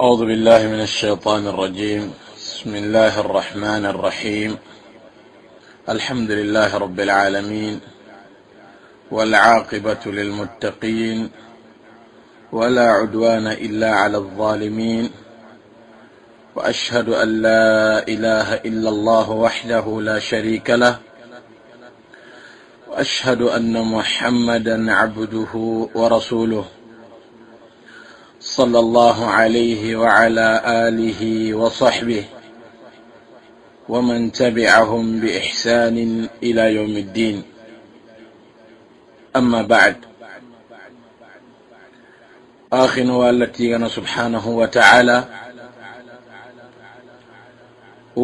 أعوذ بالله من الشيطان الرجيم بسم الله الرحمن الرحيم الحمد لله رب العالمين والعاقبة للمتقين ولا عدوان إلا على الظالمين وأشهد أن لا إله إلا الله وحده لا شريك له وأشهد أن محمدا عبده ورسوله صلى الله عليه وعلى اله وصحبه ومن تبعهم باحسان الى يوم الدين اما بعد آخن والتي سبحانه وتعالى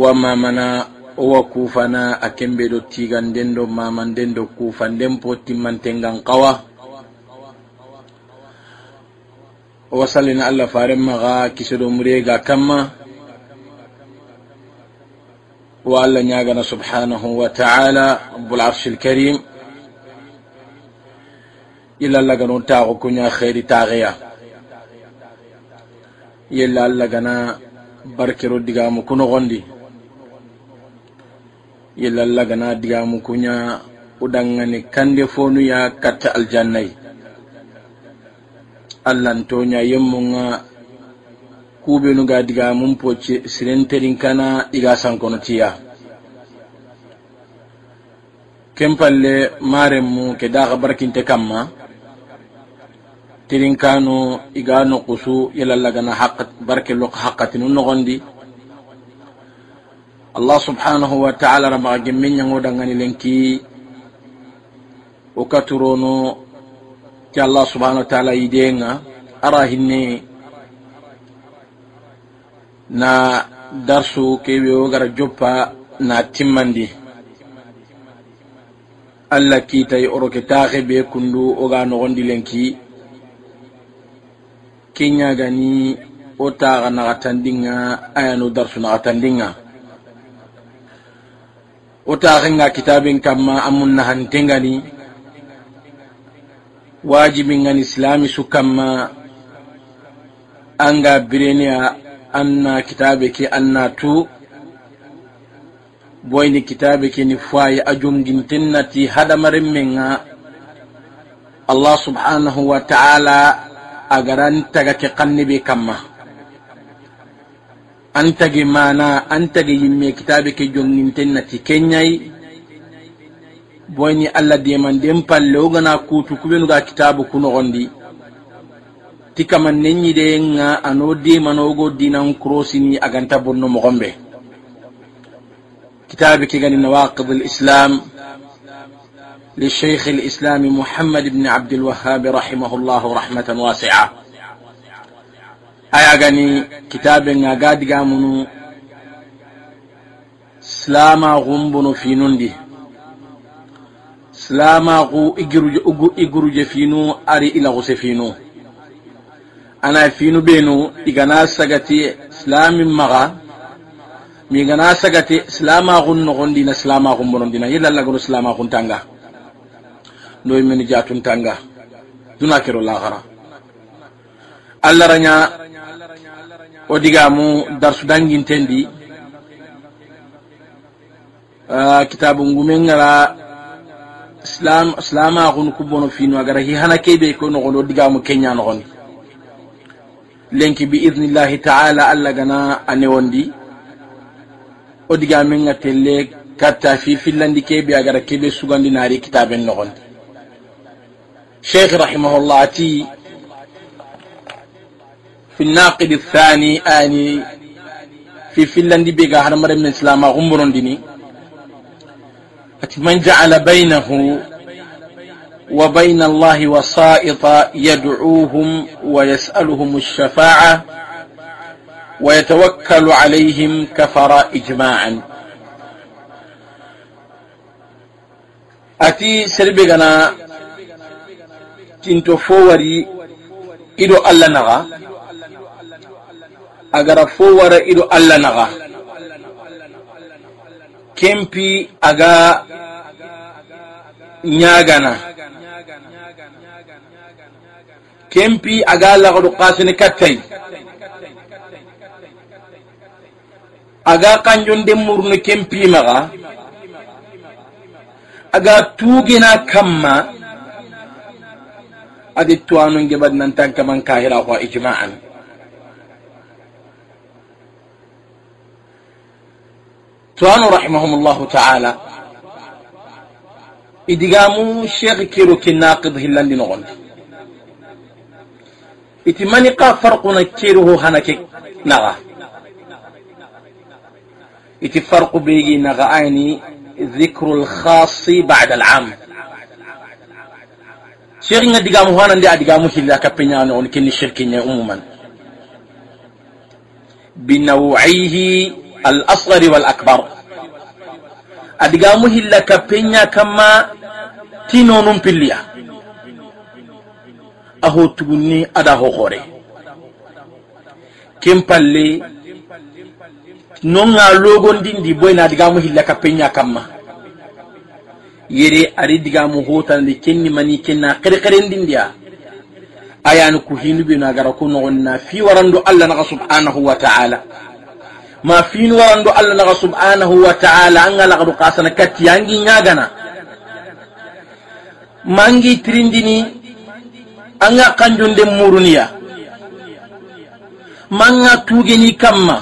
وما منا وكوفنا أكمبدو تيغان دندو ما من دندو كوفان دمبو تمان تنغان قواه o wasallina allah don mure ga kamma wa allah gana subhanahu wa taala rabularshi karim ila allah ganon taxo khairi ta gaya yella allah gana barkero digamu gondi yella allah gana digamu kuña udangani kande fonuya kata aljannai allantonya yemmunga kubenu ga diga mun poce sirenterin kana iga sankono tiya ken palle maren mu ke barkin te kamma tirin kanu iga na yalallagana barke lok no gondi allah subhanahu wa ta'ala ramaga gemmen yango dangani lenki o ti allah subhanahu wa taala yidenga ara hinne na darsu keɓe o gara joppa na timmandi allah ki ta yi oroke taaxe be kundu oga noxondi lenki gani o taaxa naxatandinga ayano darsu dinga. o taaxenga kitaben kamma a mun naxantengani wajibin an islami su kamma an ga birniya an na kitabe ke an na tu ni kitabe ke ni fayi a jumgintin tinnati ti hadamarin min Allah subhanahu wa ta'ala a garanta taga ke kannibe kamma an tagi mana an tagi yimme kitabe ke jumgintin na ti kenyai boyni allah den palle wogana kutu kuɓenuga kitabu kunogondi ti kaman nen yide nga ano demanogo dinan kurosini aganta bonno mogonɓe kitabe kegani nawaqid lislam لشيخ الإسلام محمد بن عبد الوهاب رحمه الله رحمة واسعة أيا غني كتاب غادي غامنو سلاما غنبن في نندي silamaxu i guruje finu ari ila laxuse finu ana finu ɓenu igana sagati silamin maxa migana sagati silamaxun dina silamaxun bonondina yelallagano silamaxuntanga noy meni jatuntanga duna kero laxara allah raña o digamu darsu dangintendi ah, kitabu ngumen ngara islam islama gun ku bono finu agara hi hana kebe ko no gondo diga mu kenya no gondi lenki bi idnillahi ta'ala alla gana ane wondi o diga men ngatelle katta fi fillandi kebe agara kebe sugandi nari kitaben no gondi sheikh rahimahullah ati fi naqid الثاني ani fi fillandi be ga har mare min islama gun bono dini لكن من جعل بينه وبين الله وسائط يدعوهم ويسألهم الشفاعة ويتوكل عليهم كفر إجماعا أتي سربغنا تنتو فوري wari ألا نغا أغرى فوري fo ألا نغا kempi aga nyagana kempi aga lagadu kasini kattai aga de murnu kempi maga aga tugina kamma adi tuwanunge badnantan kaman kahira kwa ijma'an توانو رحمهم الله تعالى إدقامو شيخ كيرو كناقض هلا لنغل إتماني قا فرقنا كيرو هناك نغا إتي فرق بيجي نغا عيني ذكر الخاص بعد العام شيخ nga digamu hanan di adigamu hilla kapinyano on kinni shirkinya umuman بنوعيه al-asghar wal akbar a mu hilla kapenya kama tino num pilliya aho tugunni ada ho hore kim palle non ga logon dindi boy na diga mu kama yere ari diga mu hotan di kenni mani kenna qirqirin dindiya ayani ku hinu bi na gara ku no na fi Allah na subhanahu wa ta'ala ma fini warando allah naga subhanahu wa ta'ala anga ga lagadu kasana katti yangi nyagana mangi trindini anga kanjunde muruniya manga tugeni kamma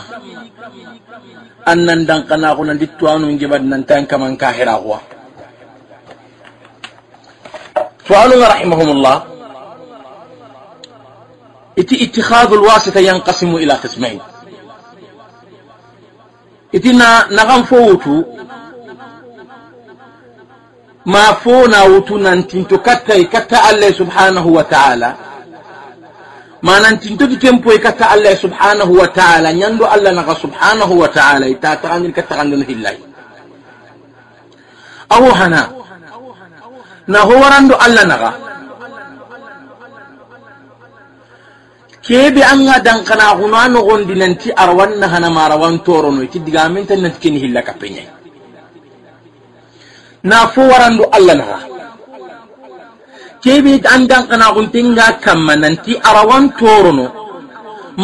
annan kana ko nan dittuanu ngibad nan tan kaman kahira huwa tuanu rahimahumullah iti ittikhadul wasita yanqasimu ila qismayn itina na fo wutu ma fo na wutu nan tinto kattai katta allah subhanahu wa ta'ala ma nan tinto ti tempo e katta allah subhanahu wa ta'ala nyando allah naka subhanahu wa ta'ala ita ta'andin katta kandin hillahi awo hana na warando allah naka kebe an ga dankana huna no gondi ti arwan na hana marawan toro no diga min tan nanti kini hilla kapenya na fo warandu allah na kebe an dankana gun tinga nan ti arwan toro no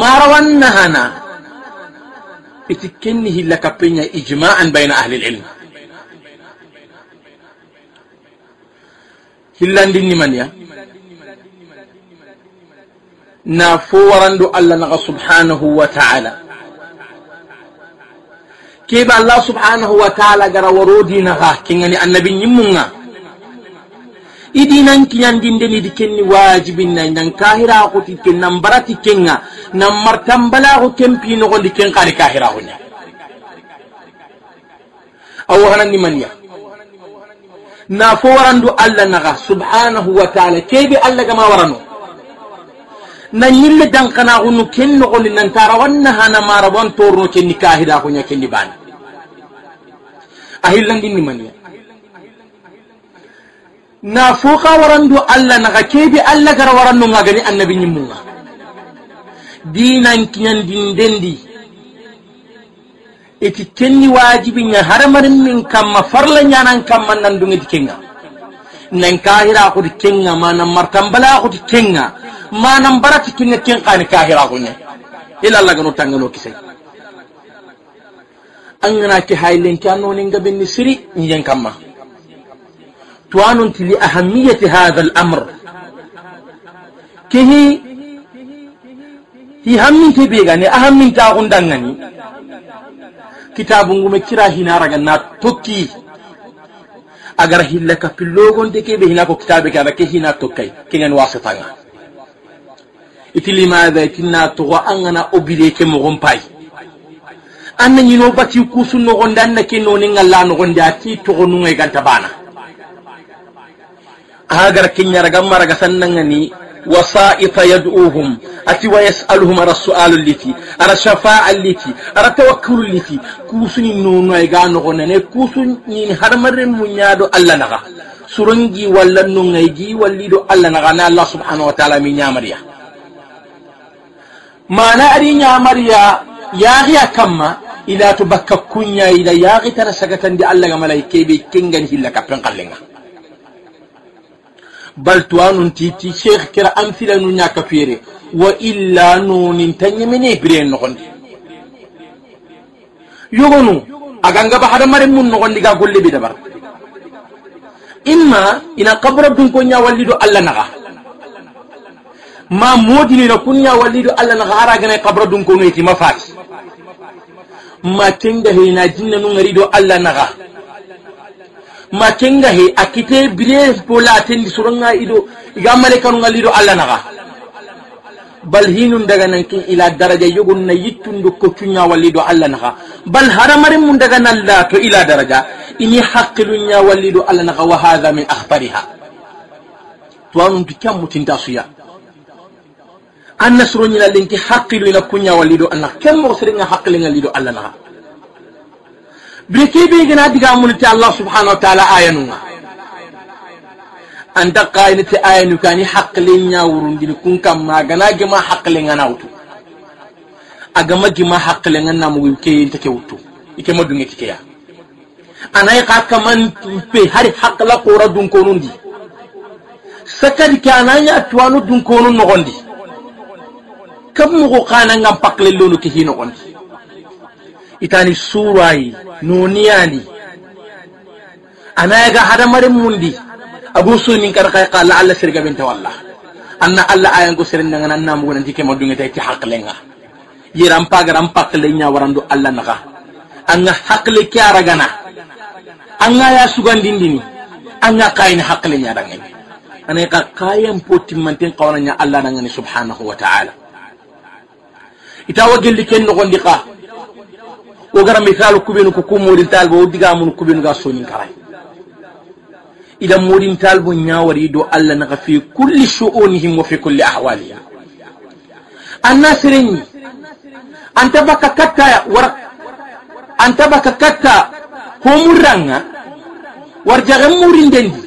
marawan na hana kini hilla kapenya ijma'an baina ahli ilm hillandin ni man ya na fowarandu allah naga subhanahu wa taala kebe allah subhanahu wa taala gara warodinaga kengani annabi ñimmunga idinan kiñandindeni di kenni wajibinna nan kahiraxuti ken nan barati kenga nan martambalaxu kempi noxondi ken xani kahiraxuña awo hanandi maniya na fowarandu allah naga subhanahu wa taala kebe allah gama warano na ñille dankanaxunu ken nan nantara wanna hana mara wan torno kenni kahidaxuña kenni bani a man ya na foka warandu allah naxa keɓe allah gara warannonga gani annabi ñimmunga dinan dendi iti kenni nya haramarin min ma farla ñanan nan nandungeti kenga nan kahira ko kenga ma nan martambala ko kenga manan barati tunne ken qani kahira gunya ila Allah gano tangano kisai an gana ki hailen ki anno ninga bin nisri nyen kamma to anun tili ahammiyati hadha al-amr kihi hi hammin ke be gane ahammin ta gundan ngani kitabun gume kira hina raga na tokki agar hilla ka pillogon de ke be hina ko kitabe ka ke hina tokkai kingen wasitanga itili ma da kinna to an gana obile ke mo gompai an nan yino bati ku sun no gonda an nake no nin Allah no gonda ti to gonu ngai ganta bana agar kinya raga mara ga sannan ngani wasa'ita yad'uhum ati wa yas'aluhum ara su'al liti ara shafa'a liti ara tawakkul liti ku sun no ngai ga no gonda ne ku sun yin har marre munyado Allah naga surungi wallan no ngai gi wallido Allah naga na Allah subhanahu wa ta'ala mi nyamariya maana arinyamariya yaaki akamma idatu bakka kunya ida yaaki tana di allah ga malaike be kengani hilla kappen kallenga bal tuwanun titi sheikh kira amsila nu ñaka fere wa illa nunin ta ñemene biren noxondi yogonu agangaba hadamaren mun noxondi ga golle bi dabar imma ina kabura dun ko ñawallido allah naxa ma na kunya wallido allah naga gane kabra dun ne ma faati ma kinga he na jinna nu ngarido allah ga ma kinga he a kite bire pola atendi suronga ido iga malekanu ngalido allah ga bal hinun daga nan kin ila daraja yugun na yittun do ko tunya walido Allah ga bal haramarin mun daga nan la to ila daraja ini haqqilun ya walido Allah ga wa hadha min akhbariha to an bikam mutinda suya. anna soro ñina lenki haqqilu ina kuñawalli do allah ken mogo serenga haqqilengalli do allah naxa bire be gana diga munite allah subhanahu wa taala ayanunga anta kayinite ayanu kani haqqilen ñawurundini kun kam ma gana gima gema haqqilenga wutu agama gima haqqilenga namugu keyente ke ke wutu ikema dunge ya anayi ka kaman pe hari haqqila kora dunkonundi sakadi ke ananya tuwanu dunkonu nogondi Kamu ngam pakle kanangan ke hino hinogondi itani surayi anaga hada hadamaren mundi Abu agusunin karkay qala alla bin tawalla anna alla ayango serendangana annamugonanti kemmadungetati haqlenga pagaram pakle warandu alla naga anga haqle ke aragana anga ya sugandindini anga kayni haqle ñadangani aneka kain kayan potimmanten nya alla nangani subhanahu wa ta'ala ita itawa gelli ken gondi ka o gara misalu kubenu ko kummodin talba o digamunu kubenu ga sonin karay idan modin talbo wari do allah naga fi kulli shu'unihim wa fi kulli ahwalihim anna nasirin anta baka katta war anta baka katta homurranga war jagen murindendi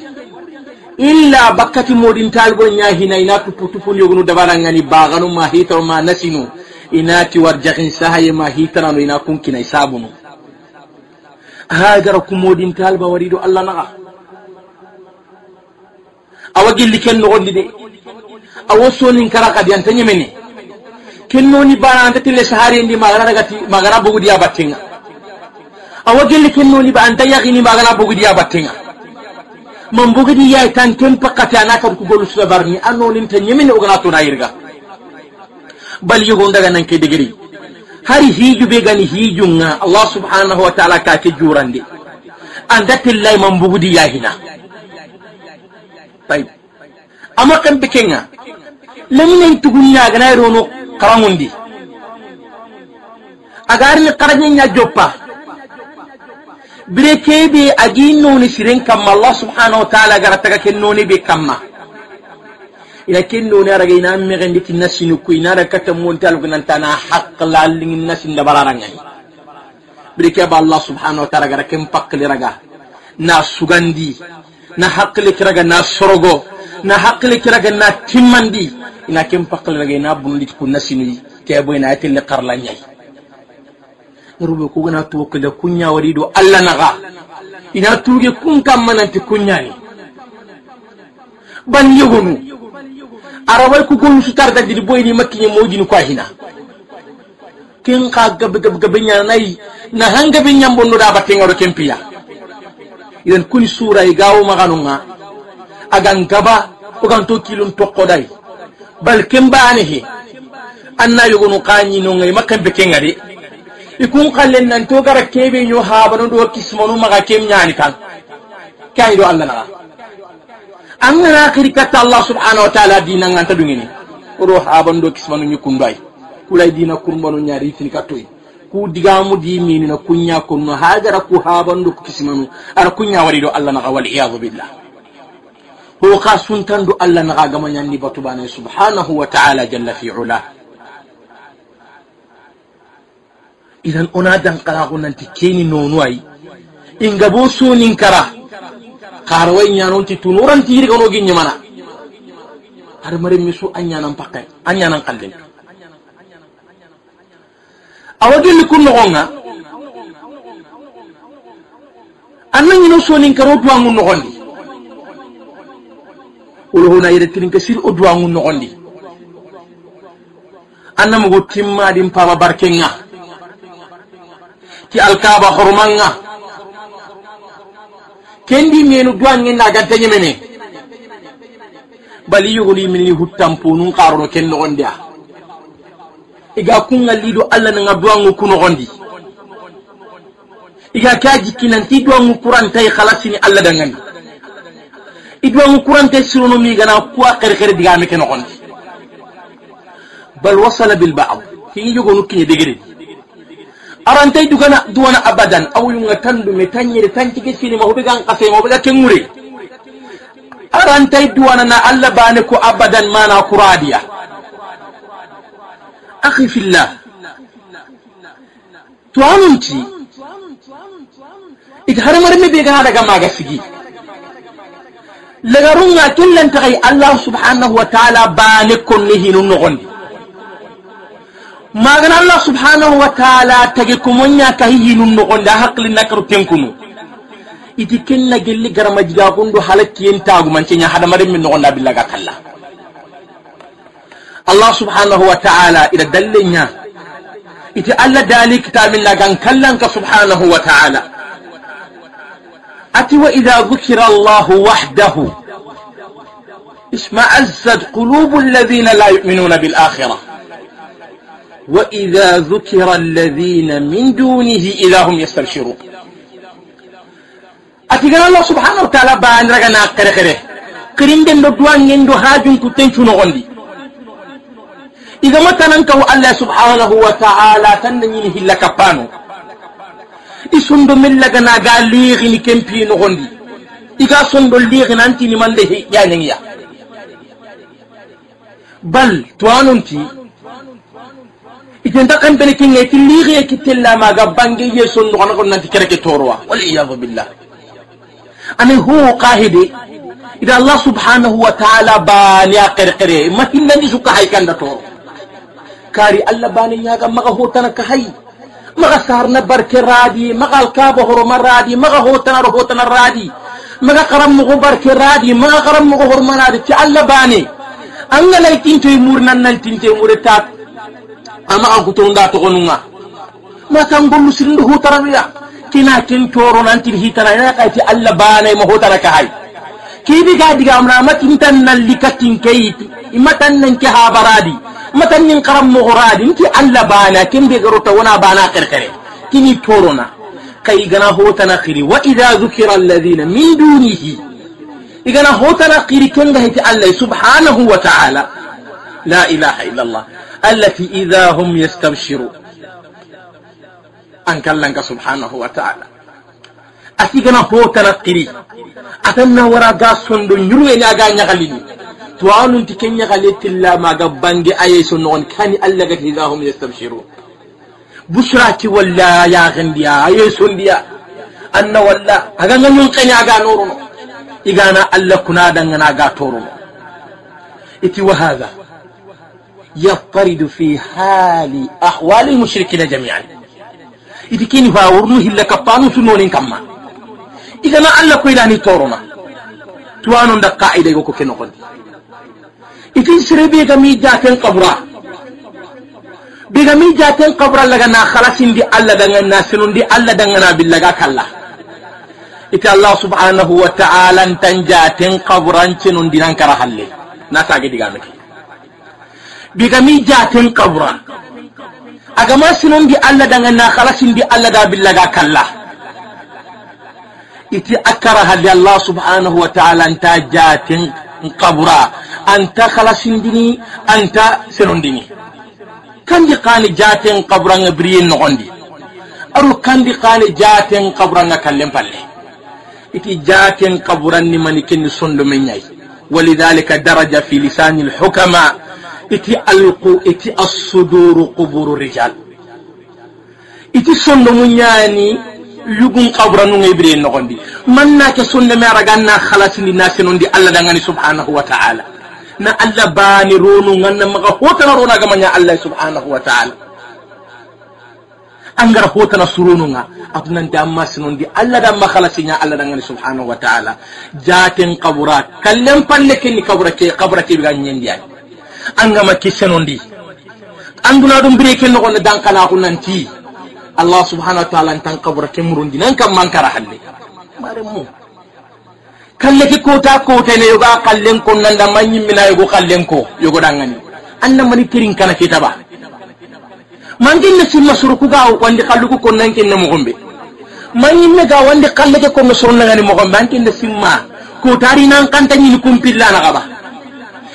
illa bakkati modin talbo ña hina ina tuppu tuppuni yogunu dabarangani baganuma ma nasinu inati jahin sahaye ma hitanano ina kunkinay sabunu hagara kumodinta talba warido allah naga awa gilli ken nogondi de awa sonin kara kadi anta ñemene kennoni bana anta tille saharendi magana dagati magana a battenga awa gilli noni ba anta yakini magana bogudiya battenga man bugudi yay tan ken pakkate ana kadi kugolu sudabarni anoninta ñemene ogana tona yirga balgi honda ganan ke digiri hari hiju be gani hijunga allah subhanahu wa ta'ala ka ke jurande anda tillai man bugudi yahina tay amma kan bikenga laminen tugunya gana rono karangundi ni karanyenya joppa bire kebe agi noni siren kamma allah subhanahu wa ta'ala gara taga ken noni be kamma ina kenno na raga ina megende kinna sinu ku ina raga kata monte algo nan tana haqla lingin nasin da bararanga brike ba allah subhanahu wa ta'ala gara kem pakli raga na sugandi na haqli kiraga na sorogo na haqli kiraga na timmandi ina kem pakli raga ina bundi ku nasinu ke boy na tilli qarla nyai rube ku gana to kada kunya wari do allah naga ina tuge kun kam mananti kunya ni ban yugunu arawai ku kun su tar da dir boy ni makin mo kwa hina kin ka gab gab gab nya nai na hanga bin nyam bonno da batte ngaro kempiya idan kun sura i gawo maganunga agan gaba kan to kilun to dai bal kin bani he anna yugunu qani no ngai makkan be kengari ikun kallen nan to gara kebe yo ha banu do kismonu maga kem nyani kan kai do allah na angana akhiri kata allah subhanahu wa ta'ala dina nganta dungini oro haban do kismanu nyukundai kulai dina kurbanu nyari tini katoi ku digamu di mini na kunya kunno hajara ku haban do kismanu ar kunya wari do allah na wal iyad billah ho khasun do allah na gama nyandi batubane subhanahu wa ta'ala jalla fi ula idan ona dan nanti kini nonu ay inga sunin kara karwa ñanonti tunuranti yiriganogi ñamana har mari misu an ñanan pakai an ñanan kallin awa gelli kun nogonga anna ñino sonin karo duwangu nogondi wolohona yerettininke sir o di nogondi anna mogo timmadin pama barkenga ti alkaba nga. kendi menu duwangen na ganta nyemene bali yogoli mini huttamponun karono ken nogondi a iga kunga lido allah nanga duwangu ku nogondi iga ke a jikkinanti duwangu kurantai halasini allah dangani iduwangu kurantai sirono migana kuwa kerkere digame ke nogondi bal wasala bilbad kini yogonu kiñe degeredi arantay dugana duwana abadan tan tan awuyunga tandume tanyere tancike ma, hoɓe gan kasema hoɓe ga kengure duwana na allah bane ko abadan mana kuradiya akhi fillah to anunti ita har marmi ɓe gana daga maga sigi lagarunga tullantaxay allah subhanahu wa taala bane konne hinu noxondi magana allah subhanahu wa taala tagi kumonya kahiyinum nogonda haklinna karu tenkunu iti kenna gelli garama jigakundo hala kiyentagumancenya hadamaren min nogonda billaga kala allah subhanahu wa taala ida dallenya iti allah dali kitamin lagan kallanka subhanahu wa taala ati wa ida dhukira allahu wahdahu isma'azzat azzat qulubu alladhina la yuminuna bilakhirah وإذا ذكر الذين من دونه إذا هم يستبشرون أتقال الله سبحانه وتعالى بأن رغنا كرخره كرين دين دوان ين دو هاجون كتين شنو غندي إذا ما تننكو الله سبحانه وتعالى تنين هلا كبانو isundo غندي إذا liixini kempi noxondi iga sondo liixina يعني yañangiya bal towanonti itenta kempene kinga ti liixiye kitellamaga bange ye sondogana kon nanti kereke torowa waliyadu billah ani ho kahide ida allah subhanahu wa taala bane a kerkere ma hinnandi suka hay kanda toro kari allah bane ñaga maga hotana ka hay maga sarna barke raadi maga alkaba horoma raadi maga hotanaro hotana raadi maga karammogo barke raadi maga karammogo horomanaadi ti allah bane anga laytintoye mur nan naltintoye mure tat amaxa gutonga toxonunga maka ngollu sirindo hutaranuya kina ken coro nantir hitana ina ti allah banay ma hotara ka hay bi ga diga ma tin tan nan likatin kayit imatan nan ki habaradi matan nin karam horadi ki allah bana kin be wana bana kirkare kini torona kai gana hotana khiri wa idha zukira alladhina min dunihi igana hotana khiri ken ga hiti allah subhanahu wa ta'ala la ilaha illa allah allati idza hum yastabshiru an kallan ka subhanahu wa ta'ala gana hotana qiri atanna wara ga sondo nyurweni aga nyagalini tuwanunti ken nyagale tilla maga bange aye sonnogon kani allah gati idza hum yastabshiru busraki walla yagendiya aye sondiya anna walla aga nganyunkeni aga noruno igana allah kunadangana aga toruno iti wahadha yattaridu fi hali ahwali lmushrikina jamian iti kini fawurnu hilla kappanu sunnonin kamma igana allah koydani torona tuwanon da qaida go ko ke nogondi itin sere begami jaten kabura begami jaten kabura lagana halasindi allah dagana sinundi allah dagana billaga kalla ita allah subhanahu wa taala ntan jaten kaburancenundi nankara halle natage digameke bigami jaten kabura agama sinon bi allah danga na khalasin bi allah da billaga kalla iti akara hadi allah subhanahu wa ta'ala anta jaten kabura anta khalasin dini anta sinon dini kan kandi kani jaten kabura nga briyen nogondi aru kandi kani jaten kabura nga kallen palle iti jaten kabura ni mani kendi sondo menyai ولذلك درج في لسان الحكماء iti alqu iti assuduru quburu rijal iti sondo mu ñaani yugun qabra nu ngay bire noxondi man na ke sonde me raga na ni na senondi allah ngani subhanahu wa ta'ala na allah bani ronu nganna maga hotana rona ga manya allah subhanahu wa ta'ala angara hotana surunu nga atunan da amma sinondi allah da makhalasinya allah dangani subhanahu wa ta'ala jaten qabura kallem palle ken ni qabura ke qabura ke biga nyendi ay anga makki senondi anduna ɗum bire ken nogonne dankalaku nanti allah subhanahu wa taala tan kabura temurundi nan kam mankara halle mare mu kalle ki kota ne yoga kallen ko da ma ñimmina yogo kallen ko yogo an anna mani terin kana ke taba. ne manginne simma ku ga wandi kalluku ko nan man yin ne ga wandi kalleke an sornagani mogonɓe ma ko tari nan kanta ñini ba.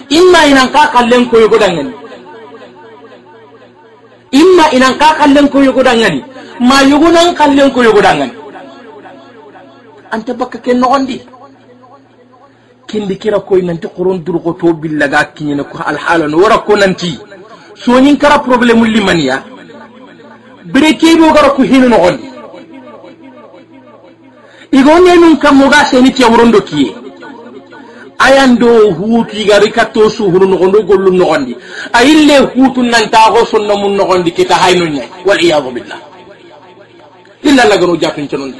imma inan ka kallen koyo gudangani imma inan ka kallen koyo gudangani ma yugunan kallen koyo gudangani anta bakka ken nogondi kindi kira koy nanti qoron durgo to billaga kinyene ko alhala no wara ko nanti sonin kara problème limaniya breke bo gara ko hinu nogondi igonne nun kam ni seni tiya wurondo kiye ayando huti gari katto suhuru nogondo gollu nogondi ayille hutu nan ta nantaxo sonna mun nogondi kita hayno ñay waliyadu billah illa lagano jatin cenondi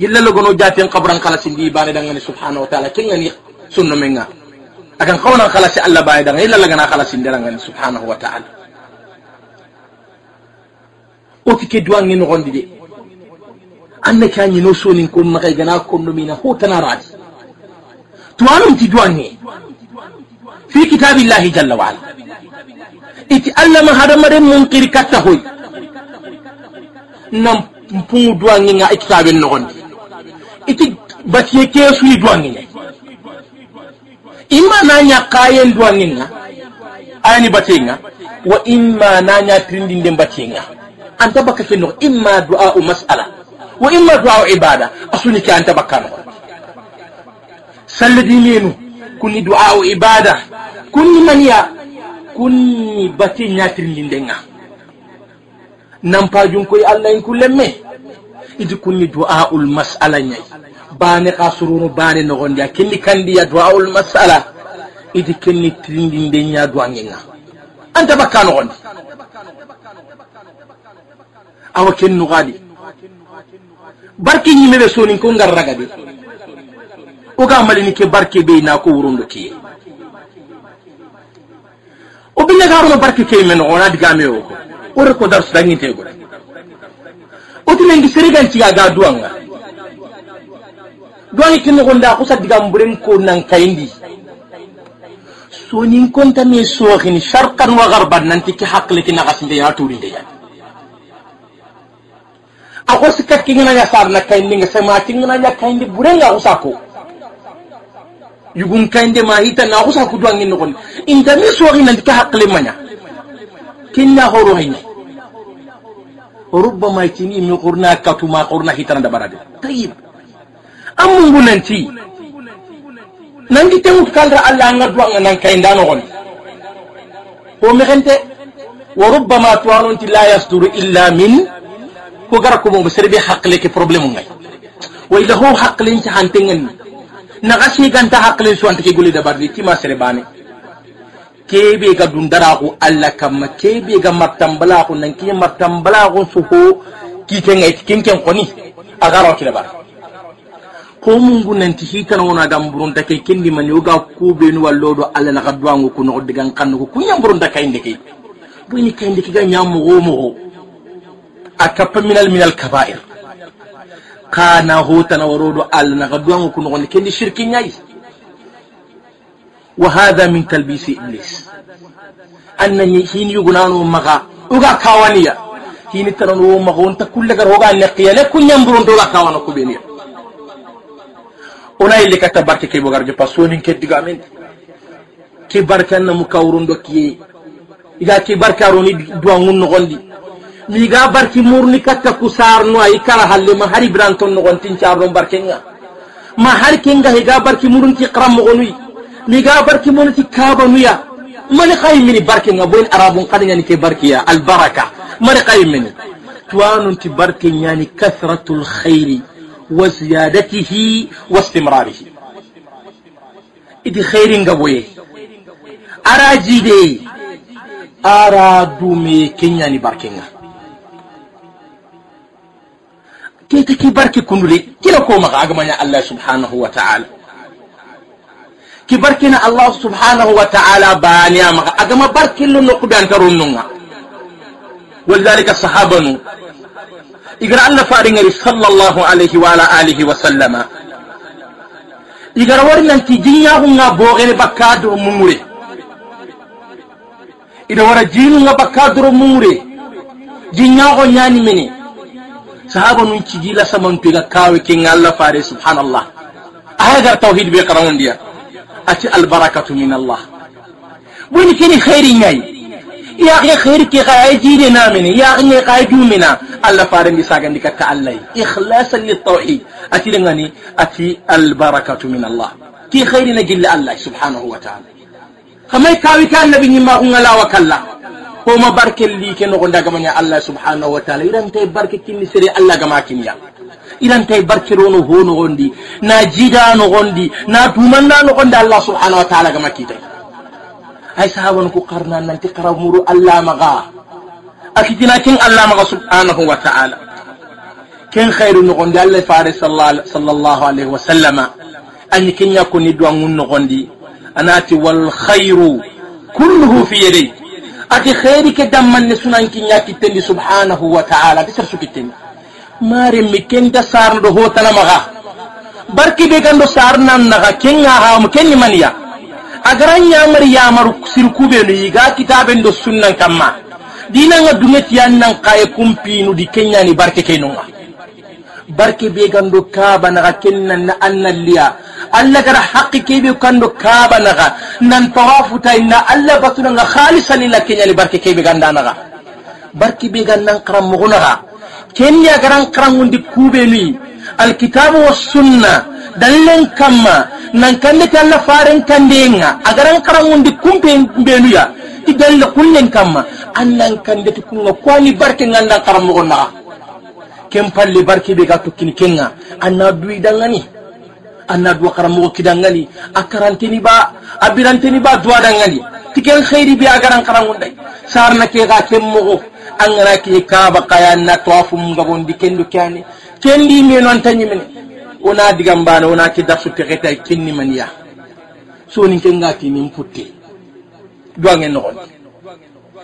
illa lagano jatin kabran kalasindi bane dangani subhanahu wa taala kengani sunno menga akan kawna kalasi allah bane dangani illa lagana kalasindi dangani subhanahu wa taala oti ke duwange nogondi de anna kañino sonin ko maxay gana ko konnomina hotanaraadi tuwanum ti ne fi kitabillahi jalla wa ala iti allah ma hadamaren mun kiri katta hoy nan mpungu duwangi nga ikitaben nogondi iti batiye kesuyi duwangi ne imma na nya kayen duwangi nga ayani batiye nga wa imma na nya pirindinde batiye nga anta baka kenno imma du'a mas'ala wa imma du'a ibada asuni ke anta baka nogondi sallidimeenu kunni du'a'u ibada kuni maniya kuni kunni bate ñatirindindenga nampajun koy allah in kullemme idi kunni du'a'ul mas'ala ñayi bane ka surunu bane nogondiya kenni kandiya du'a'ul mas'ala idi kenni tirindindenña du'angenga anta bakka nogondi awa kennugaadi barki ñimmeɓe sonin ko ngarragadi oga malini ke barke be na ko wurundo ke o binne garo no barke ke men na diga me o o ko dar sudangi te go o tine ngi serigan ci ga duanga duangi kin ko nda ko sa diga mburen ko nan kayndi so nin konta me so khini sharqan wa gharban nan ti ki hakle ki nagas ya turi ndi ya ko sikat ki ngana ya sar na kayndi nga sama ti ngana ya kayndi burenga usako yugun kainde ma hita na kusa ku duwan ngin nokon inda mi so ngin ndika hakle manya kinna horo hayni rubbama kini mi qurna katuma qurna hitana da barade tayyib amun gunanti nan di tengu kalra Allah nga duwan nan kainda nokon ko mi gente wa rubbama tuwanunti la yasduru illa min ko gara ko mo serbi hakle ke problemu ngai wa ilahu hakle nti hantengen na naxa siganta haqle suwantake gole dabardi kima sere bane kebe ga dundaraxu allah kamma kebe ga martambalaxu nan ko kiye martambalaxu soho kitenga koni a xoni agaroti dabar ko mungu nanti hitanawona gan burunta ke kendimani woga kubenu wallo do allah naxa duwangu ku noxo digan xannuku kuña burunta kayinde ke boyni kayinde ke ga ñamoxo moxo a kappa minal minal kabair kana hota na warodo al na gaduwa ku no kendi shirkin yayi wa hada min talbisi iblis annan hin yugunano maga uga kawaniya hin tanano maga on ta kulle gar hoga ne qiyale kunyan burondo ga kawana ku beniya ona ile kata barke ke bogar je pasonin ke diga men ke barkan na mukawrun do kiye iga ke barkaroni duwa ngun no gondi liga barki murni katta kusarno ay kala halle ma hari branton no gontin charron barkenga ma har kinga higa barki murun ki qaram mo onui liga barki mon ti kaba nuya man qaymini barkenga boin arabun qadanya ni ke barkiya al baraka man qaymini tuanun ti barkenya ni kathratul khair wa ziyadatihi wa istimrarihi idi khairin boye araji de ara dume kenyani barkinga كيتي كي بركي كنولي كي لو كومغ أغمانيا الله سبحانه وتعالى كي بركينا الله سبحانه وتعالى بانيا مغا أغمى بركي اللي نقب ولذلك الصحابة إقرأ الله فارنغ صلى الله عليه وعلى آله وسلم إقرأ ورنا انت جنياهم بوغين بكادر مموري إذا ورا جينو بكادر مموري جنياهم يعني مني sahaba nun cigila samantuiga kawe ken allah fare subhanallah aya gar tawhid be karangondiya ati barakatu min allah boni keni heyri ñayi yaxe ji ke xaya jiide namene yaxenge xaya jumena allah farendi sagandi katta allahy ikhlasa litawhid atirengani ati barakatu min allah ki heyrina gilla allah subhanahu wa taala xamay kawi ma annabi ñimmaxungalawa kalla homa barke no nogo ndagamaña allah subhanahu wa taala tay barke kin sere allah gama tay barke rono ho gondi na jida gondi na no nogondi allah subhanahu wa taala gama kitay ay sahabon ku ti nanti karamuru allah maga akitina kin allah maga subhanahu wa taala kin khairu nogondi allah faris sallallahu alaihi wa sallama kin yakuni koni no gondi anati wal khairu kulluhu fi yadayhi ati kheri ke dammanne sunan kinya kittendi subhanahu wa ta'ala ti sar sukittendi mare mi kenda sarndo hotana maga barki be gando sarnan naga ya ha mu kenni maniya agaran yamar yamar sirkube no yiga kitaben do sunnan kamma dinanga dungeti yannan kumpi kumpinu di kenya ni barke kenunga barki be gando kaba naga kennan na liya allah gara ke kebe kando kaba naga nan ta na allah batuna nga khalisan ila kenyani barki kebe ganda naga barki be gannan karam mugunaga kenya garan karam undi kube ni alkitabu wa sunna dalen kamma nan kande farin faren kandenga agaran karam undi kumpe benuya idalla kullen kamma annan kande tukunga kwani barki ngandan karam naga. ken palle barke be ga tokkini kenga anna duwi dangani anna duwa karamogo kidangani a karanteni ba a biranteni ba duwa dangani tiken khayri bi a garan karangundai sarna ke ga ken mogo an gana ke kaba kaya na tawafu mun gabondi kendo kyani kendi me non tanyi mene ona digambana ona ke dafu teketa e kinni maniya so ni kenga ti nin putte duwa ngen no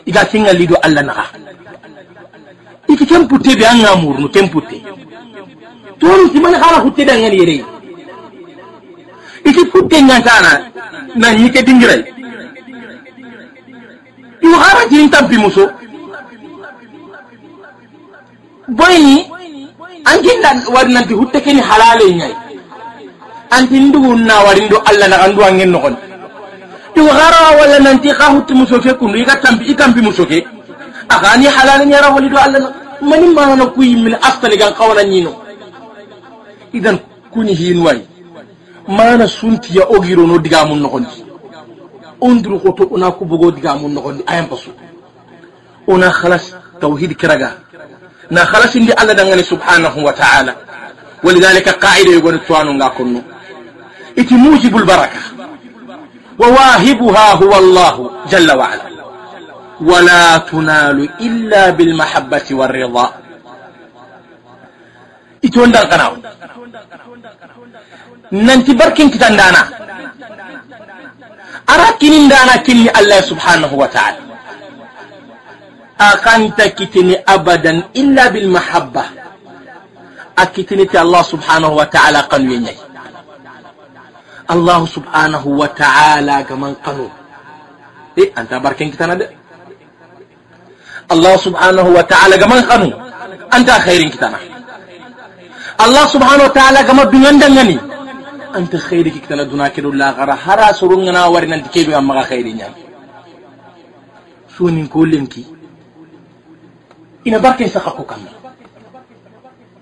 iga kinga lido alla naga iti ken putte be anga murnu ken putte tonu siman hara hutte da ngani yere iti putte ngantana na yike dingirai iwa hara jirin tampi muso boyni ankin da warnanti hutte keni halale nyai antin ndugu na warindo alla na andu angin nokon iwa hara wala nanti ka hutte muso ke kundu ika tampi ikampi muso ke a akani halale nyara walido alla mani manana kuyi min astani gan kawana nyino idan kuni hinwai mana suntiya ogiro no diga mun nogondi onduru koto ona ku bogo diga mun nogondi ayam pasu ona khalas tauhid kiraga na khalas indi alla dangane subhanahu wa ta'ala ولذلك قاعدة يقول التوانو نقول إتي موجب البركة وواهبها هو الله جل وعلا ولا تنال إلا بالمحبة والرضا إتون دلقناو ننتي بركين كتان دانا أراكين دانا كني الله سبحانه وتعالى أكنت كتني أبدا إلا بالمحبة أكتني الله سبحانه وتعالى قنويني الله سبحانه وتعالى كمن قنو إيه أنت بركين كتان دانا الله سبحانه وتعالى كما خنو أنت خير كتنا الله سبحانه وتعالى كما بيندنني أنت خير كتنا دونا كده لا غرا هرا سرنا ورنا تكيد يا مغا خيرين يعني شو نقولنكي إن بركة سخكو كم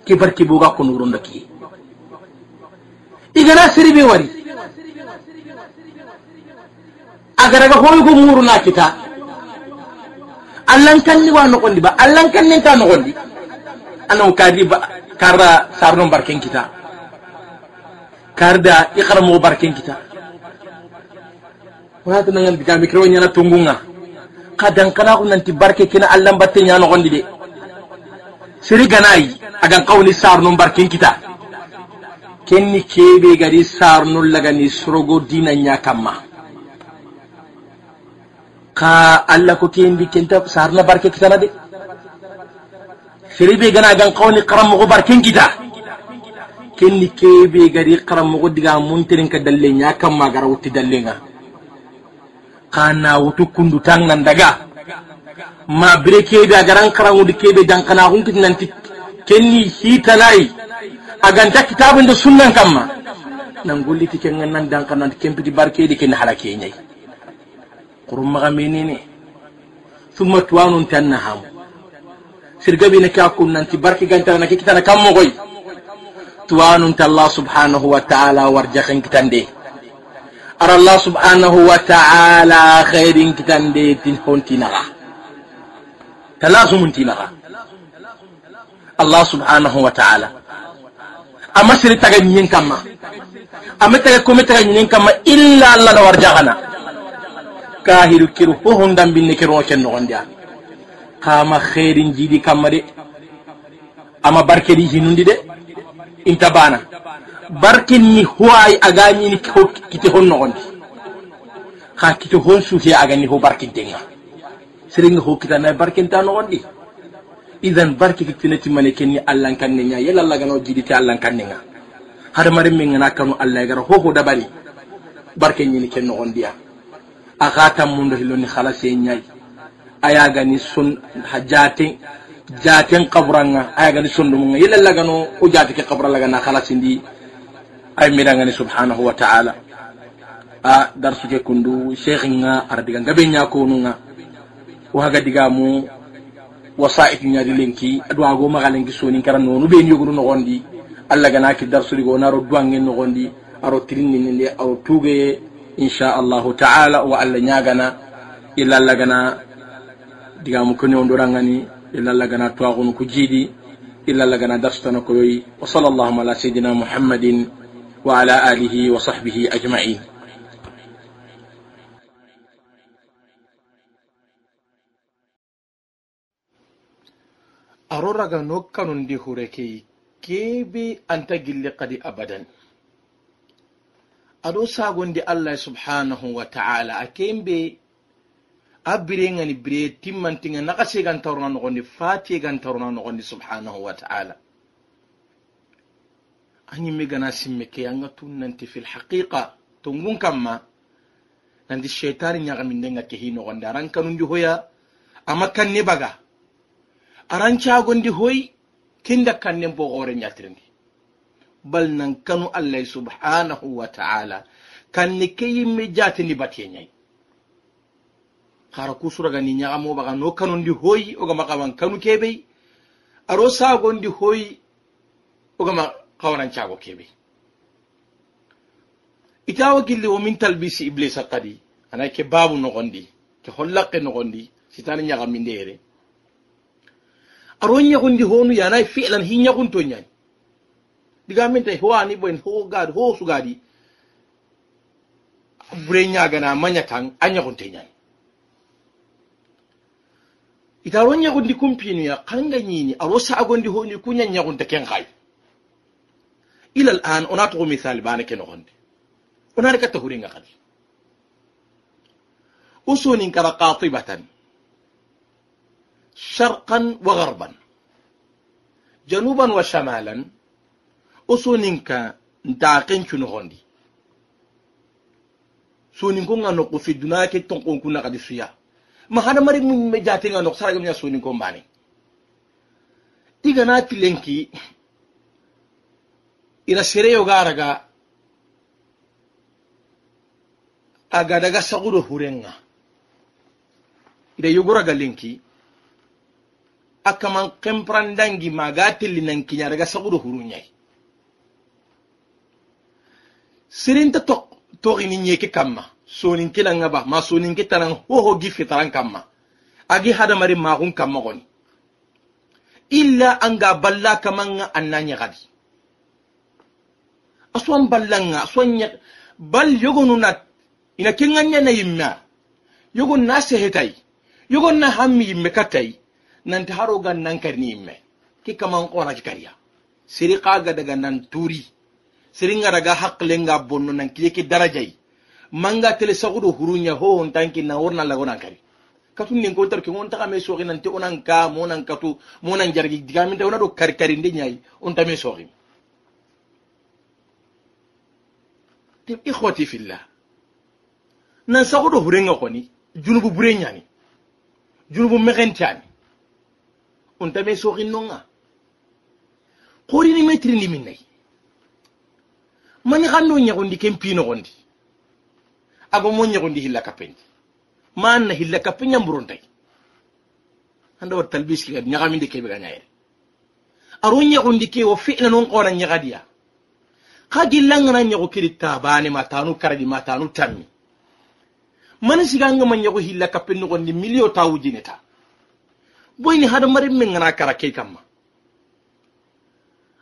كي بركة بوغا كنورون دكي إذا سري بواري أجرك هو يقول مورنا كتاب allan ni wa di, ba allan ni ta nogondi anan kadi ba karda sarno barken kita karda ikram mo barken kita wala tan ngal diga mikro nyana tungunga kadang kana ko nanti barke kina allan batte nyano gondi de siri ganai agan kawni sarno barken kita kenni kebe gadi sarno lagani surogo dinanya nyakamma ka Allah ko ke mbi kenta sarna barke kitana de shiribe gana gan qawni qaram go barken kita kenni kebe gari qaram go diga muntirin ka dalle nya kam gara wuti dalle nga kana wutu kundu nan daga ma breke kebe garan qaram go kebe dan kana hun nanti kenni agan ta kitabun da sunnan ma nan ti kengan nan dan kana di barke di ken halake nyai قرم قرمغمينيني ثم توانو تنهام سرقبي سرقبين كاكو ننتي بركي قانتنا كتانا كم مغي توانو انت الله سبحانه وتعالى ورجخن كتن دي أرى الله سبحانه وتعالى خير كتن دي تنهون تنغا تلازم تنغا الله سبحانه وتعالى أما سرطة نين كما أما تغيكم تغيكم كما إلا الله ورجخنا kahiru kiru fo hondan binne keroŋo ken nogondi a kama khairin jidi kama de ama di hinundi de inta bana ni howayi aga ni ho kite honno nogondi ha kite hon suuhe agani ho barkintenga sering ho ta no nogondi idan barki ne timmane kenni allan kanne ña yala allagano jiidite allan kanne nga hadamaren min na kanu allah gara ho dabari barke ñini ken ya aga tammundo hilloni halase aya gani son ha jaten jaten kaburanga ayagani sondumuga yilallagano o jati ke kaburallagana halasindi ay miɗangani subhanahu wa taala a dar darsuke kundu cheikhinga ara diga ngabe ñakonunga o haga digamu wasa'it linki adwa go magalen gi sonin kara nonu ɓen yogunu nogondi allah ganaki darsuɗigo duangen duwange gondi aro le aro tuge. insha allahu taala wa allah ñagana ilalla gana digamu ko newdorangani ilalla gana lagana ko jiidi ilalla gana darstana koyoyi wa sal allahuma ala sayidina muhammadin wa ala alihi wa sahbihi ajmain aro raga no kanundi hurekey kebe anta gille kadi abadan aɗo sagondi allah subhanahu wa taala a kembe a birengani bire timmantinga naxa segantaruna noxondi fatiyegantaruna noxondi subhanahu wa taala a ñimme gana simme ke anga tun nanti fil haqiqa tongun kamma nanti sheitani ñagamindenga ke hinoxonde aran kanundi hoya ama kanne baga aran di hoy kinda kannen bo xoore ñatirindi bal nan kanu allah subhanahu wa ta'ala kan ni ke yimme ga ni nya amo baga no ndi hoyi o ogama kawan kanu kebe aro ndi hoyi o ogama kawanancago keɓey itawa gilli o min talbisi iblisa kadi ana ke babu gondi ke no gondi sitani ga mindere aro gondi honu yana filan hinya gunto nyai digaminta hwani ben ho gad ho sugadi burenya gana manya kan anya Ita itaron ya gundi kumpinu ya kanganyi ni arosa agondi honi kunyan ya gunta ken kai ila al'an ona to misal bana ken gondi ona rika tahuri nga kadi usunin kara qatibatan sharqan wa gharban januban wa shamalan osoninka ntaken cunogondi soninko nga noko fi duna ke tonkonku kadi suya ma hadamari me jate nga nok sarage munya soninko mbani igana tilenki sere yo garaga aga daga saguro hurenga ida yugura lenki akaman kemprandangi maga tellinankiña ya daga saguro hurunyai sirin ta sirinta tok toxini ñeke kamma soninkinanga ba ma soninkitanang hoho gi fitaran kamma agi hadamari maxun kamma xoni illa an anga balla kamanga anna ñaxadi aswan ballanga aswan ña bal yogonu na ina kenganñana yimma yogon na sehetay yogon na hammi yimme kattay nanti harogan nankarini yimme ki kaman xonaki kariya siri ga daga nan turi siringa daga haklenga bonno nan ki kiyeke darajai manga tele sagudo hurunya ho hon tanki na worna lago nan kari katu nin ko tarki on taka me sogi nan te onan ka monan katu monan jargi digamin te onado kari kari ndi nyai on tame sogi te ikhwati fillah nan sagudo hurenga koni junubu burenyani junubu mexentiani on tame sogi nonga qorini metri limin nayi mani xanno ñagondi ken pinoxondi ago mo ñagondi hilla kappendi ma anna hilla kappe ñamburontay anda wat talbis ke ñaxaminde keɓe ga ñayere aro ñagondi ke wo fina non xoona ñaxadiya xa gillangana ñago kedi tabane ma tanu karadi ma tanu tammi mani sigangama ñago hilla kappe noxondi milio ta wujineta boyni hadamaren men ngana kara key kamma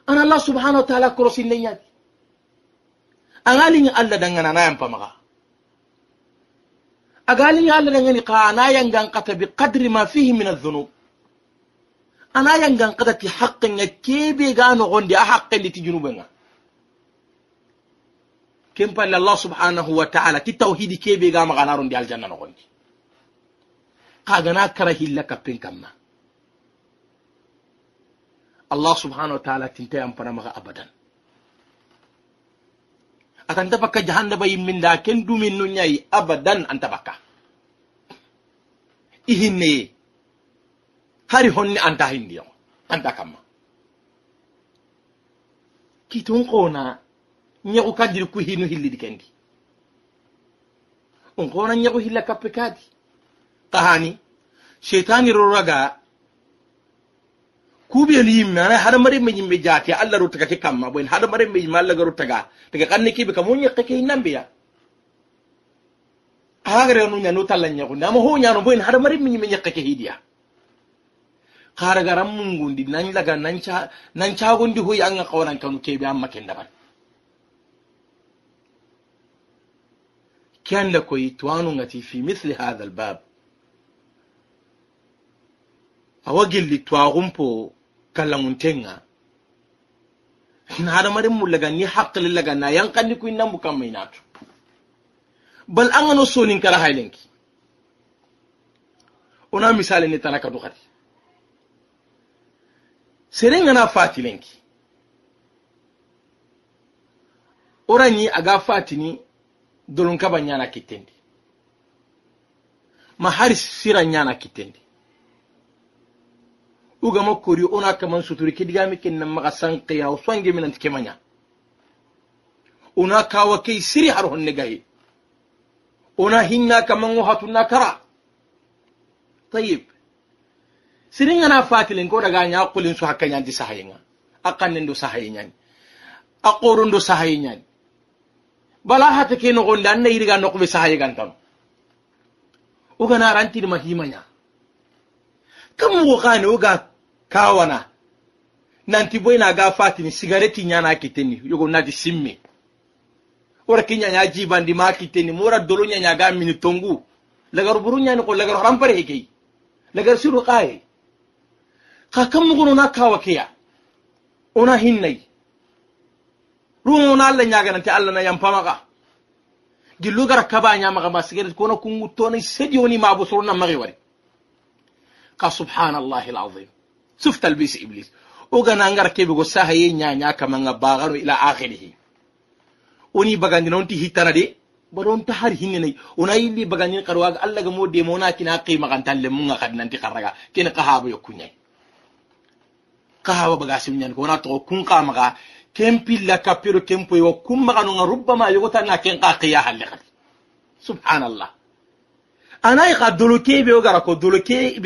an allah subhanau wa taala korosinne ñadi angaling alla dangana nayan pamaka agaling alla dangani ka anayan gankata bi qadri ma fihi min adh-dhunub anayan gankata ti haqqin ya kebe gano gondi a haqqin li ti junubenga ken palle allah subhanahu wa taala ti tawhidi kebe ga maganarundi aljanna nogondi kagana kara hilla kappen kamma allah subhanahu wa taala tintayan maka abadan akanta bakka jahannaba yimminda ken dumin nun yayi abadan an anta bakka ihinneye hari honni anta hindiyo ta kamma kitun kona ñegu kadiri ku hinu hillidi kendi on kona ñegu hilla kappe kadi kahani shetani roraga kubiyol yimɓe ana haɗa mari me yimɓe jaati allah ke kamma boen haɗa mari me yimɓe allah ga rottaga taga kanne keɓe kam on ñakke ke innambeya hagare no ñano talla ñagunde ama ho ñano boen haɗa mari me yimɓe ñakke ke hiidiya haragaran mungundi nan laga nan cagondi hoyi anga kawanan kanu keɓe an maken daban kenda koy twanugati fi misli hatha albab A gelli twaxun po kalamuntenga na hadamaden laga ni hakkili laga na yankandi ku innan bukan mai natu bal an gano sonin kara hailenki ona misali ne tana ka dukari seren gana fatilenki oranyi aga fatini dolon kaba nyana kitendi mahari sira nyana kitendi ugama kori ona kaman suturi kidigami kenna maga sankiya uswange minanti manya. ona kawa kei siri har honne gahi ona hinna kaman hatunna kara tayib sirin ana fatilin ko daga nya kulin su hakan yanti sahayenga akan nin do sahayenyan akorun do sahayenyan bala hata ke no gonda anna iriga no ko sahayegan tan ugana rantir mahimanya kam wo gane uga kawana nanti boy naga fatini sigareti ñana kiteni yogo nati simmi wora ki ñaña jibandi ma kiteni dolo mini tongu lagar buru ko lagar lagar ka na kawa keya ona hinnayi rumo na allah allah na gillu kaba sigareti kungu wari ka subhanallahi alazim suftal bis iblis ogana ngara ye sahaye kama nga bagaro ila akhirih oni bagandi nonti hittana de bada ta har nay ona li bagandi qarwa ga alla ga mo kina qima kina qimakantan munga kadi nanti karraga ken qahaba yokunya Qahaba baga simñani ko na to kun ga ken pilla kappiro ken wo kun maganonga rubbama na ken ka halle kadi subhanallah anay qadulu dolo keɓe o gara ko dolo keɓe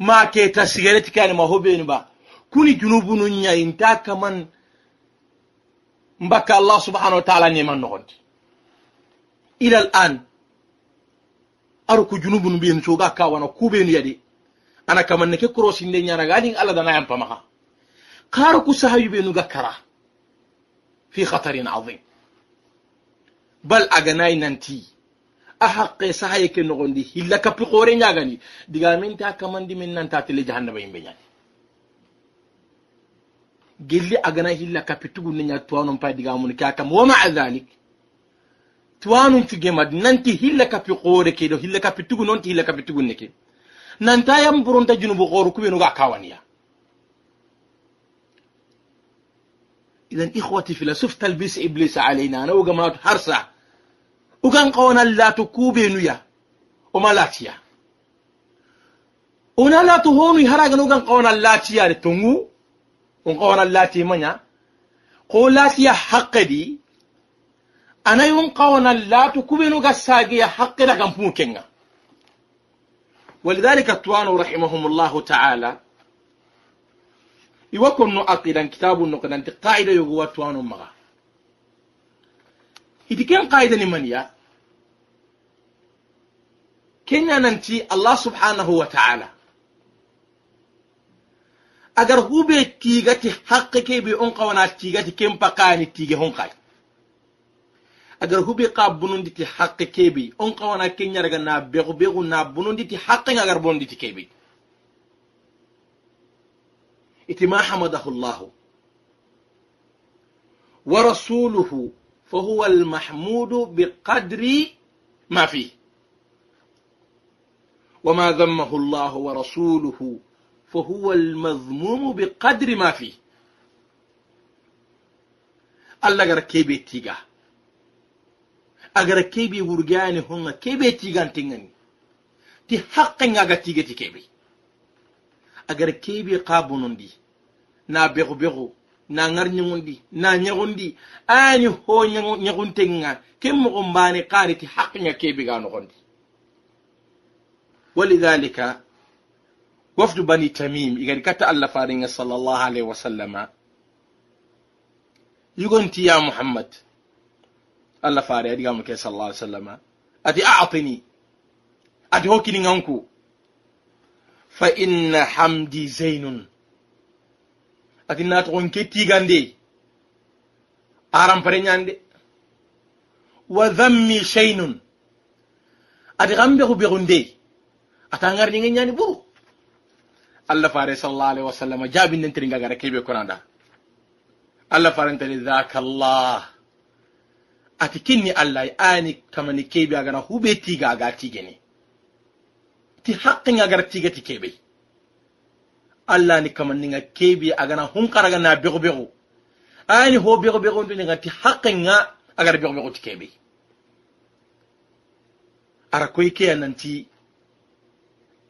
ma keta sigareti kani ma hobeni ba kuni junubu nu ñayi nta kaman mbakka allah subhanahu wa taala neman nogondi ilal an aru ko junubu nu mbiyenu soga kawana kuɓenu yadi ana kaman neke korosinde ñanaganin allah danayan pamaha kara ku sahayuɓenuga kara fi hatarin adim bal aganayi nanti a haqqe sahaye ke nogondi hilla kappi hoore ñagani digaminte a kamandi min nanta tele jahannaba yimɓe ñani gilli agana hilla kapi tugu ñag tuwanon pay digamuni ke a kam wa maa dhalik tuwanun cugemadi nanti hilla kapi kore ke do hilla kapi tugu nonti hilla kappi ne ke nanta yam buronta junubu hooru kuɓenuga a kawaniya idan ihwati fila suf talbis iblis alayna na wogamatu har saa ukan kawonal laatu kuuɓeenuya oma laatiya ona laatu hoonu haragana ugan latiya laatiyade tungu. Un kawonal laati manya. ko latiya laatiya haqqe ɗi anayi on kawonal laatu sage ya haqqe ɗa kan pumu kenga walidalika tuwanu rahimahumullahu taala iwa konno aqidan kitabu nokananti qaida yogo wa tuwanu iti ken qaidani maniya kenyananti allah subhanahu wa ta'ala agar hube tigati haqqe kebe on qawana tigati ken pakani tige hon qai agar hube qa bununditi haqqe kebe on qawana kenyarga na begu begu na bununditi haqqe agar bununditi kebe iti ma hamadahu allah wa rasuluhu فهو المحمود بقدر ما فيه وما ذمه الله ورسوله فهو المذموم بقدر ما فيه الله غير كيبي تيغا أغر كيبي ورغاني هون كيبي تيغان تنغني تي حقن أغا تيغي تيكيبي أغر كيبي قابنون دي نا بيغو بيغو na ngar ñugundi na ñagundi ani ho ñaguntenga ken mogo mbane kaniti haqña kebiga nogondi walidhalika wafdu bani tamim igadi katta allah faringa sallallahu alaihi wasallama yugonti ya muhammad allah fare adigamu ke sallallahu alaihi wasallama ati atini ati hokkininganku fa inna hamdi zainun ati na togon ke tigande arampare ñande wa dhammi shaynun ati gambe bexu begunde nde ata ngar ñinge nyani buru allah fare sallallahu alaihi wasallam jaabi nentiri ngagara kebe konanda allah farantani dhaka allah ati kinni allah ani kamani kebe agara hube tiga aga tigene ti haqqi ngagara tigati kebey allah ni nga kebi agana hunkaraga na begobego ayani ho ti ndu nigati haqqenga agara begobego ti kebe ara koy keya nanti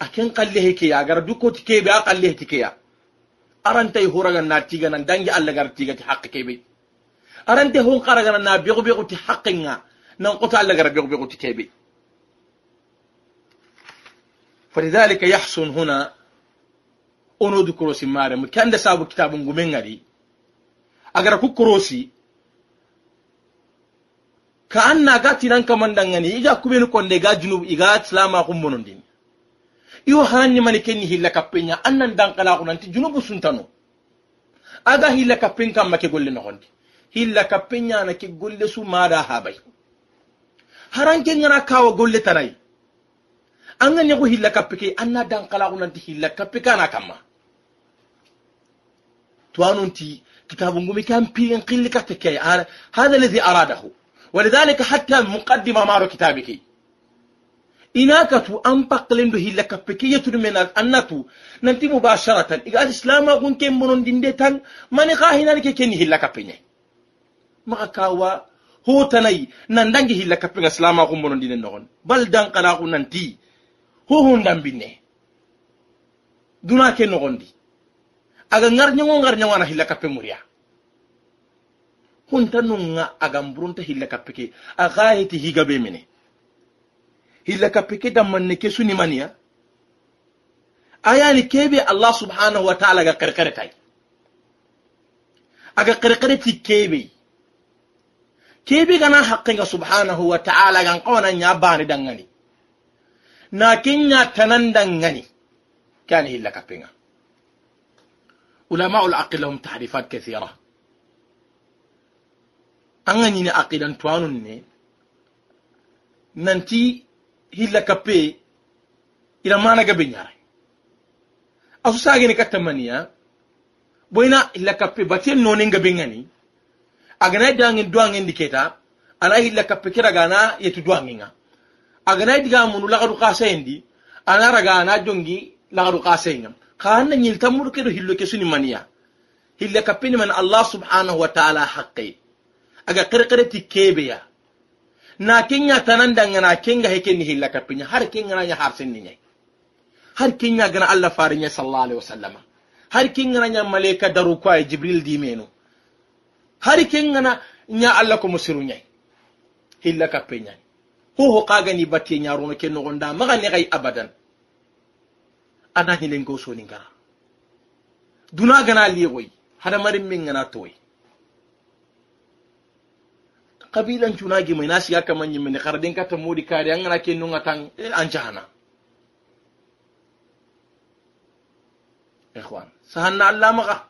aken qallehe keya agara ti kebe a qallehe ti keya hura gana na gana dangi allah gara tigati haqqe kebe arante gana na begobego ti haqqenga nan kota allah gara begobego ti kebe فلذلك yahsun huna ono du korosi maremu kanda sabu kitabu ngumengari agara ku korosi ka anna ga tinan kamandangani ija kubenu konde ga junub iga islama kummonondin iyo hanni mani kenni hilla kappenya annan dankala kunanti junubu suntano aga hilla kappen kamma ke golle nogondi hilla kappenya na ke golle su mada habai haran kenyana kawa golle tanai an ganyaku hilla kappe ke anna dankala kunanti hilla kappe kana kamma توانونتي كتاب قومي كان بين قل كتكي هذا الذي أراده ولذلك حتى مقدمة مارو كتابك inakatu an paklendo hilla kappe ke yetudu men annatu nanti mubasharatan iga islama kun ken bonondinde tan mani ka hinani ke keni hilla kappe nye maka kawa hotanayi nandangi hilla kappe ga islama kun bonondine nogon bal dan kala kun nanti ho hon dambinne duna ke aga ngarñango ngarñangona hilla kappe muriya hunta nunga aga mburunta hilla kappe ke aga heti higa be mene hilla kappe ke dammanne ke sunimaniya ayani kebe allah subhanahu wa taala aga kerkere A aga kerkere ti kebe kebe gana haqqinga subhanahu wa taala gan qawana nya bani dangani na kenya tanan dangani kani hilla kappenga ulama ul aqil lahum tahrifat kathira anani ni aqilan nanti hilakape, kape ila mana ga binyare asu sage ni katamaniya boina hilla kape batien noni ga binani agana dangin duangin diketa ana hilla kape kira gana yetu duangin ga kasendi ana ragana jongi la ga kasengam kaanna ñiltammuru do hillo kesuni maniya hille kapini man allah subhanahu wa taala haqqi aga kebe ya. na kenya kinga heke ni hille kapini har na ya har gana allah sallallahu alaihi alih har kinga har ya malaika daru kwa jibril di menu har na nya allah ko musiruñay ho kappeñay hoho kagani batte ñaruno ke nogonda maga ne gai abadan ada hinen ko soni gara duna gana liye goy hada marin min gana toy kabilan cuna gi mai nasi ya kaman yin mini kardin ka tamudi kari an gana ke nuna tan e, an jahana ikhwan sahanna allah maka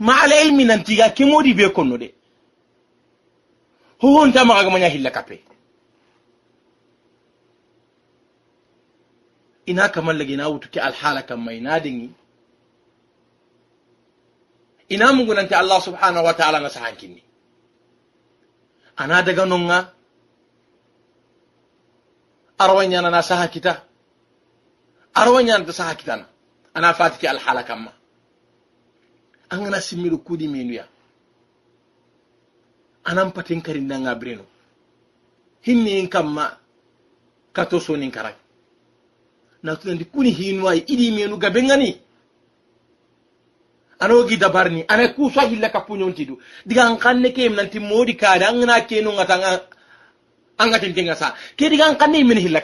ma ala ilmi nan tiga ke modi be konno de ho hon ta maka gamanya hilla kape ina kamar lage na wutu ki alhala kan mai nadin yi ina mugunanta allah subhanahu wa ta'ala na ne ana daga nonga yana na sahakita kita yana ta sahakita na ana fatiki alhala kan ma an gana simiru kudi menuya anan patin karin nan abreno hinni kan kamma ka to sonin karai natudandi kuni hinwayi iɗi menuga be ngani anogi dabarni ana kusa hilla kappuñonti tidu diga an kanne kem nanti modi nga an gana kenugata sa ke diga an kanne imene hilla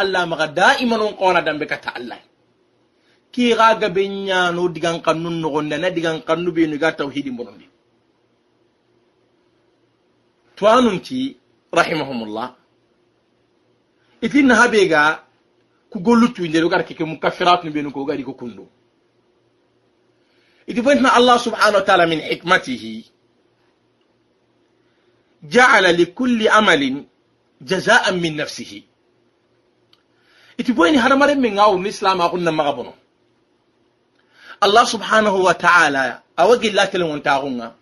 allah magada daiman on kona dambe kata allah ki ga gabe ñano digan no gonda na digan kannu ni ga tawhidi rahimahumullah itinna ga ku golluttuindeɗo gara keke mum kafiratnu ɓenu ko gaɗi ko iti fontina allah subhanau wa taala min hikmatihi jaala likulli amalin jazaan min nafsihi iti boyni hadamaren min allah subhanahu wa taala awa gillatelen wontagunga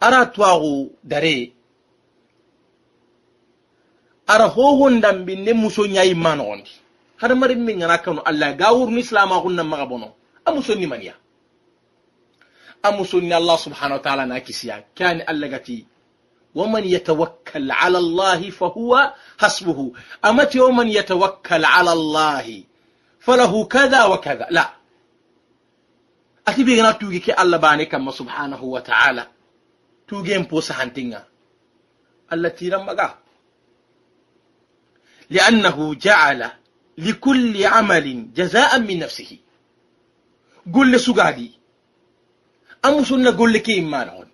ara dare ara hohon dambinde muso ñayi ma Har marin me ñana kanu allah ga wurni islama xunnan maxa bono a man ya. a musonni allah subhanau wa taala na kisiya kani allah gati waman yatawakkal ala allahi fa huwa hasbuhu amati waman yatawakkal ala fa falahu kada wa kada la ati be gana tuge ke allah bani kamma subhanahu wa taala tugen po sahantinga allah tiran maga لأنه جعل لكل عمل جزاء من نفسه قل سقادي أم سنة قل كي ما نهون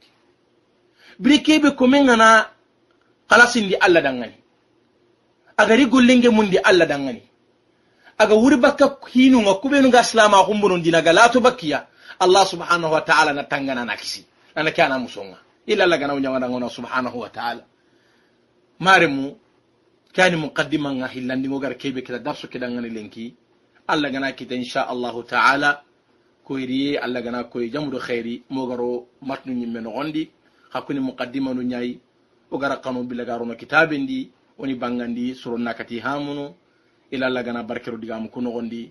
بريكي بكمين أنا خلاص دي الله دنغني أغري قل لنجي من دي الله دنغني aga wuri bakka kube kuɓenuga silama humbunondi dina galatu bakkiya allah subhanahu wa taala na tangana na kisi na ke ana musonga ila allah ganawo ñawanagona subhanahu wa taala mare mu kani muqaddima nga hillandingo gara kebe kita darso kedangani lenki allah gana kita insha allahu taala koyriye allah gana koye jamudo heyri mogaro matnu ñimme nogondi hakkuni muqaddima nu ñayi o gara kanu bilagarono kitabe ndi woni bangandi soro nakati hamuno ila allah gana barkero digamu ku nogondi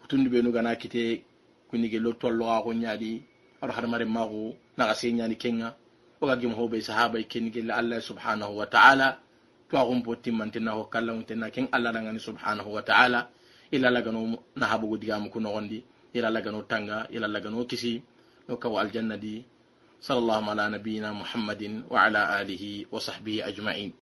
hutundi ɓenu gana kite kunige lottolloxaxo ñaadi aɗo hadamaren maxu naxa se ñani kenga oga gem hoɓe sahabay kenigelle allah subhanahu wa taala kaxum po timmantina ho kallagutenna ken allah rangani subhanahu wa taala ila na nahabugu digamu muku nogondi ila lagano tanga ila lagano kisi no kawo aljanna di sal ala nabiyina muhammadin wa ala alihi wa sahbihi ajmain